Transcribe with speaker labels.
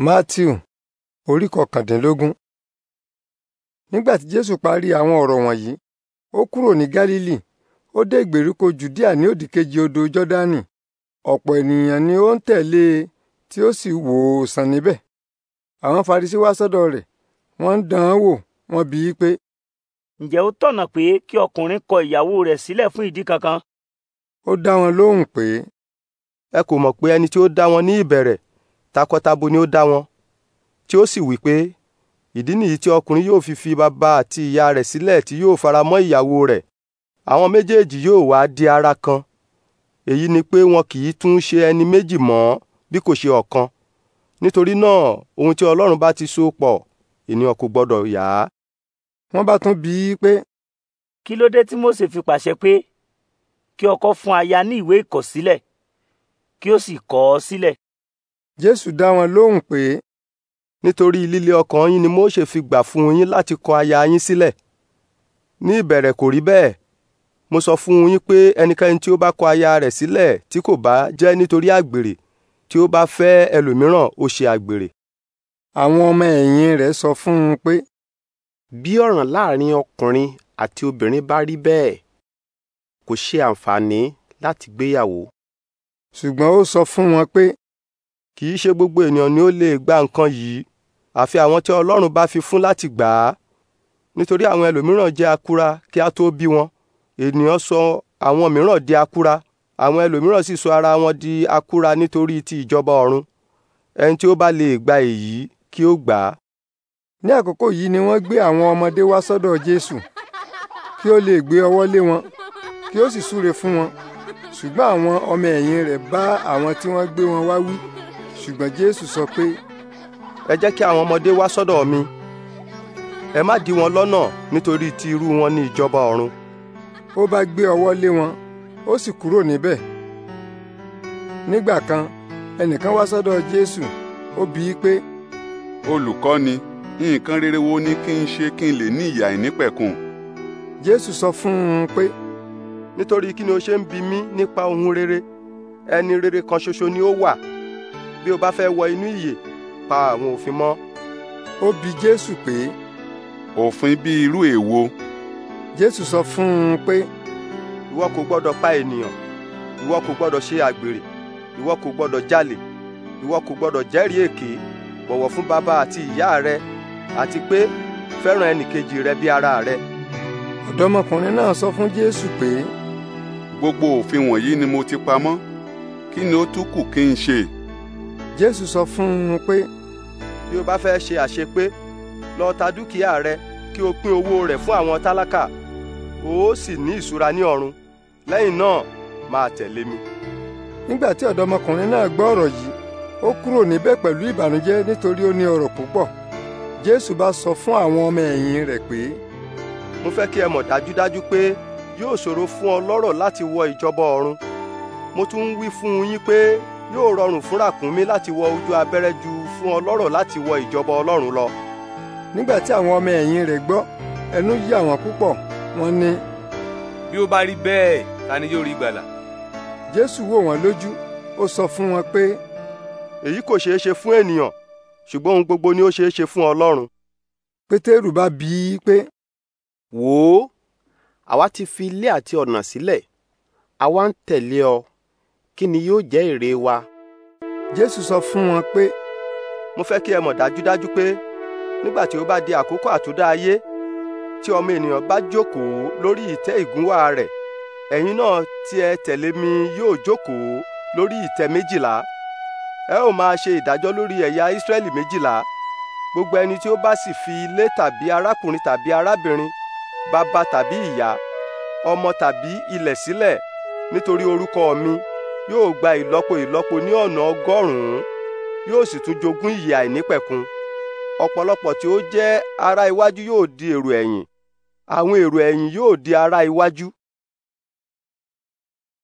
Speaker 1: matthew orí kọkàndínlógún nígbà tí jésù parí àwọn ọ̀rọ̀ wọ̀nyí ó kúrò ní gálílì ó dé ìgbèríko jùdíà ní òdìkejì odò jọ́dánì ọ̀pọ̀ ènìyàn ni ó ń tẹ̀lé e tí ó sì wò ó sàn níbẹ̀ àwọn farisí wá sọ́dọ̀ rẹ̀ wọ́n ń dán án wò wọ́n bi í pé.
Speaker 2: ǹjẹ́ ó tọ̀nà pé kí ọkùnrin kọ ìyàwó rẹ̀ sílẹ̀ fún ìdí kankan? ó dá wọn lóhùn pé. ẹ kò mọ̀ pé ẹni tí ó dá wọn ní ìbẹ̀rẹ̀ takọtabo ni ó dá wọn tí ó sì wí pé ìdí nìyí tí ọkùnrin yóò fi fi bàbá àti ìyá rẹ̀ sílẹ̀ tí yóò fara mọ́ ìyàwó rẹ̀ àwọn méjèèjì yóò wá di ara kan èyí ni pé wọn kì í tún ṣe ẹni méjì mọ́ bí kò ṣe ọ̀kan nítorí náà ohun tí ọlọ́run bá ti so pọ̀ ènìyàn kò gbọ́dọ̀ yà á. wọ́n
Speaker 1: bá tún bi í pé.
Speaker 2: kí ló dé tí Mósè fi pàṣẹ pé kí ọkọ fún aya ní ìwé ìkọ̀sílẹ̀ kí ó sì kọ ọ́ sílẹ̀ Jésù dá wọn lóhùn pé nítorí líle ọkàn yín ni Mósè fi gbà fún yín láti kọ aya yín sílẹ̀ ní ìbẹ̀rẹ̀ kò rí bẹ́ẹ̀ mo sọ fún yín pé ẹnikẹ́ni tí ó bá kọ aya rẹ̀ sílẹ̀ tí kò bá jẹ́ nítorí àgbèrè tí ó bá fẹ́ ẹlòmíràn ó ṣe àgbèrè. àwọn ọmọ ẹ̀yìn rẹ̀ sọ fún un pé. bí ọ̀ràn láàrin ọkùnrin àti obìnrin bá rí bẹ́ẹ̀ kò ṣe àǹfààní láti gbéyàwó. ṣùgbọ́n ó sọ fún wọn pé kì í ṣe gbogbo ènìyàn ni ó lè gba nǹkan yìí àfi àwọn tí Ọlọ́run bá fi fún láti gbà á nítorí àwọn ẹlòmíràn jẹ́ akúra kí a tó bí wọn ènìyàn sọ àwọn mìíràn di akura àwọn ẹlòmíràn sì sọ ara wọn di akúra nítorí ti ìjọba ọ̀run ẹni tí ó bá lè gba èyí kí ó gbà á.
Speaker 1: ní àkókò yìí ni wọ́n gbé àwọn ọmọdé wá sọ́dọ̀ Jésù kí ó lè gbé ọwọ́ lé wọn kí ó sì súre fún wọn ṣùgbọ́n àwọn ọmọ ẹ̀yìn rẹ̀ bá àwọn tí wọ́n gbé wọn wá wí ṣùgbọ́n jésù sọ pé. ẹ jẹ́ kí àwọn ọmọdé wá sọ́dọ̀ mi ẹ má dí wọn lọ́nà
Speaker 2: nítorí ti irú wọn ní ìjọba ọ̀run.
Speaker 1: ó bá gbé ọwọ́ lé wọn ó sì kúrò níbẹ̀. nígbà kan ẹnìkan wá sọ́dọ̀ jésù ó bi í pé.
Speaker 2: olùkọ́ni nǹkan rere wo ni kí n ṣe kí n lè ní ìyè àìnípẹ̀kun.
Speaker 1: jésù sọ fún un pé. nítorí kí ni o ṣe ń bi mí
Speaker 2: nípa ohun rere ẹni rere kan ṣoṣo ni ó wà bí o bá fẹ́ wọ inú ìyè pa àwọn òfin mọ́. ó bi jésù pé. òfin bí irú
Speaker 1: èwo. jésù sọ fún un pé.
Speaker 2: ìwọ kò gbọ́dọ̀ pa ènìyàn ìwọ kò gbọ́dọ̀ ṣe àgbèrè ìwọ kò gbọ́dọ̀ jalè ìwọ kò gbọ́dọ̀ jẹ́rìí èké bọ̀wọ̀ fún bàbá àti ìyá rẹ àti pé fẹ́ràn ẹnìkejì rẹ bí ara rẹ.
Speaker 1: ọ̀dọ́mọkùnrin náà sọ fún jésù pé. gbogbo òfin
Speaker 2: wọ̀nyí ni mo ti pamọ́ kí ni ó tún kù kí n ṣe jésù sọ fún un pé. bí o bá fẹ́ ṣe àṣepé lọ ta dúkìá rẹ kí o pín owó rẹ̀ fún àwọn tálákà o ó sì ní ìṣúra ní ọ̀run lẹ́yìn náà
Speaker 1: máa tẹ̀lé mi. nígbà tí ọ̀dọ́mọkùnrin náà gbọ́ ọ̀rọ̀ yìí ó kúrò níbẹ̀ pẹ̀lú ìbànújẹ́ nítorí ó ní ọrọ̀ púpọ̀ jésù bá sọ fún àwọn ọmọ ẹ̀yìn rẹ̀ pé.
Speaker 2: mo fẹ́ kí ẹ mọ̀ dájúdájú pé yóò ṣòro fún ọlọ́rọ̀ láti wọ ìjọba ọ̀run mo tún ń wí fún yín pé yóò rọrùn fún ràkúnmí láti wọ ojú abẹ́rẹ́ ju fún ọlọ́rọ̀ láti wọ ìjọba ọlọ́run lọ.
Speaker 1: nígbà tí àwọn ọmọ ẹ̀yìn rẹ̀ gbọ́ ẹnu yí àwọn púpọ̀ wọ́n ní.
Speaker 2: bí ó bá rí bẹ́ẹ̀ ta ni yóò rí gbàlà.
Speaker 1: jésù wò wọ́n lójú ó sọ fún wọn pé. èyí kò ṣeé ṣe fún ènìyàn ṣùgbọ́n ohun gbogbo ni ó ṣeé ṣe fún ọlọ́run. pétérù bá bi í pé.
Speaker 2: wò ó àwa ti fi ilé àti ọ̀nà sílẹ̀ àwa ń tẹ̀lé ọ kí ni yóò jẹ́ èrè wa. jésù sọ fún wọn pé. mo fẹ́ kí ẹ mọ̀ dájúdájú pé nígbà tí ó bá di àkókò àtúndá ayé tí ọmọ ènìyàn bá jókòó lórí ìtẹ́ ìgúnwà rẹ̀ ẹ̀yin náà tí ẹ tẹ̀lé mi yóò jókòó lórí ìtẹ́ méjìlá ẹ ó máa ṣe ìdájọ́ lórí ẹ̀yà ìsírẹ́lì méjìlá gbogbo ẹni tí ó bá sì fi ilé tàbí arákùnrin tàbí arábìnrin bàbá tàbí ìyá ọmọ tàbí ilẹ̀ sílẹ̀ nítorí orúkọ mi yóò gba ìlọ́po ìlọ́po ní ọ̀nà ọgọ́rùn-ún yóò sì tún jogún ìyè àìnípẹ̀kun ọ̀pọ̀lọpọ̀ tí ó jẹ́ ará iwájú yóò di èrò ẹ̀yìn àwọn èrò ẹ̀yìn yóò di ará iwájú